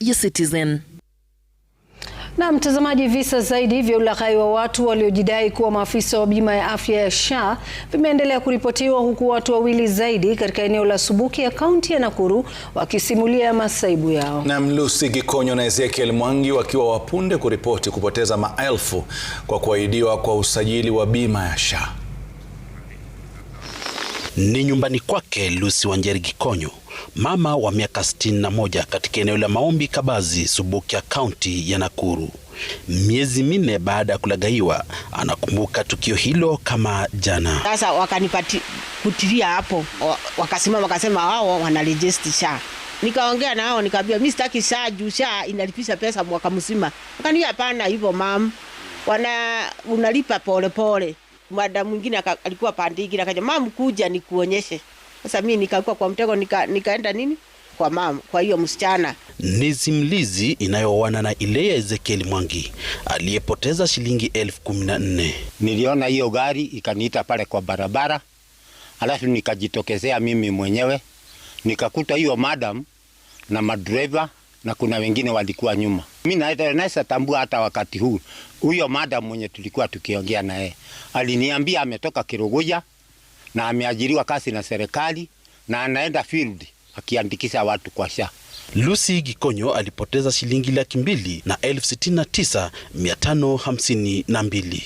ya Citizen. Na mtazamaji, visa zaidi vya ulaghai wa watu waliojidai kuwa maafisa wa bima ya afya ya SHA vimeendelea kuripotiwa huku watu wawili zaidi katika eneo la subuki ya kaunti ya Nakuru wakisimulia masaibu yao. Na Lucy Gikonyo na Ezekiel Mwangi wakiwa wapunde kuripoti kupoteza maelfu kwa kuahidiwa kwa usajili wa bima ya SHA. Ni nyumbani kwake Lucy Wanjeri Gikonyo, mama wa miaka 61 katika eneo la Maombi Kabazi, Subukia, kaunti ya Nakuru. Miezi minne baada ya kulagaiwa anakumbuka tukio hilo kama jana. Sasa kutilia hapo, wakasema wakasema wao wanarejesti SHA. Nikaongea nao nikaambia, mi sitaki SHA juu SHA inalipisha pesa mwaka mzima. Wakaniambia hapana, hivyo mam, wana unalipa polepole pole mada mwingine alikuwa pande ingine akaja, mama, kuja nikuonyeshe. Sasa mimi nikakuwa kwa mtego nika, nikaenda nini kwa mama, kwa hiyo msichana. Ni simlizi inayoana na ile ya Ezekiel Mwangi aliyepoteza shilingi elfu kumi na nne. Niliona hiyo gari ikaniita pale kwa barabara, alafu nikajitokezea mimi mwenyewe nikakuta hiyo madam na madreva na kuna wengine walikuwa nyuma mimi naweza tambua hata wakati huu huyo madam mwenye tulikuwa tukiongea naye aliniambia ametoka Kiruguja na ameajiriwa kazi na serikali na anaenda field akiandikisha watu kwa SHA. Lucy Gikonyo alipoteza shilingi laki mbili na elfu sitini na tisa mia tano hamsini na mbili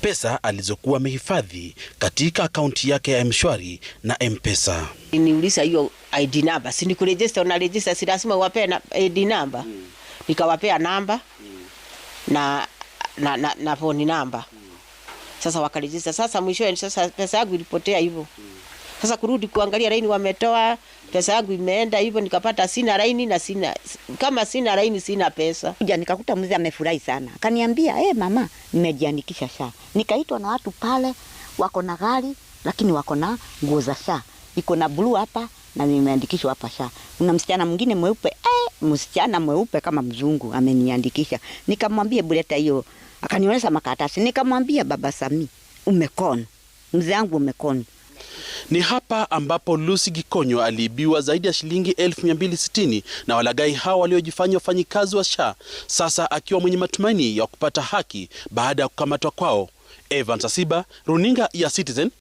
pesa alizokuwa amehifadhi katika akaunti yake ya Mshwari na Mpesa. Niuliza hiyo ID number, si unarejista, si lazima ID number. Hmm nikawapea namba na, na, na, na phone namba Sasa wakarejista. Sasa mwishowe sasa pesa yangu ilipotea hivyo Sasa kurudi kuangalia laini wametoa pesa yangu imeenda hivyo, nikapata sina laini na sina kama sina laini sina pesa. Kuja nikakuta mzee amefurahi sana, akaniambia eh, hey, mama nimejiandikisha SHA. Nikaitwa na watu pale wako na gari lakini wako na nguo za SHA, iko na blue hapa na nimeandikishwa hapa SHA. Kuna msichana mwingine mweupe "Eh, hey, msichana mweupe kama mzungu ameniandikisha. Nikamwambia buleta hiyo, akanionyesha makaratasi. Nikamwambia baba Samii, umekona mzee wangu, umekona. Ni hapa ambapo Lucy Gikonyo aliibiwa zaidi ya shilingi 1260 na walagai hao waliojifanya wafanyikazi wa SHA, sasa akiwa mwenye matumaini ya kupata haki baada ya kukamatwa kwao. Evans Asiba, Runinga ya Citizen,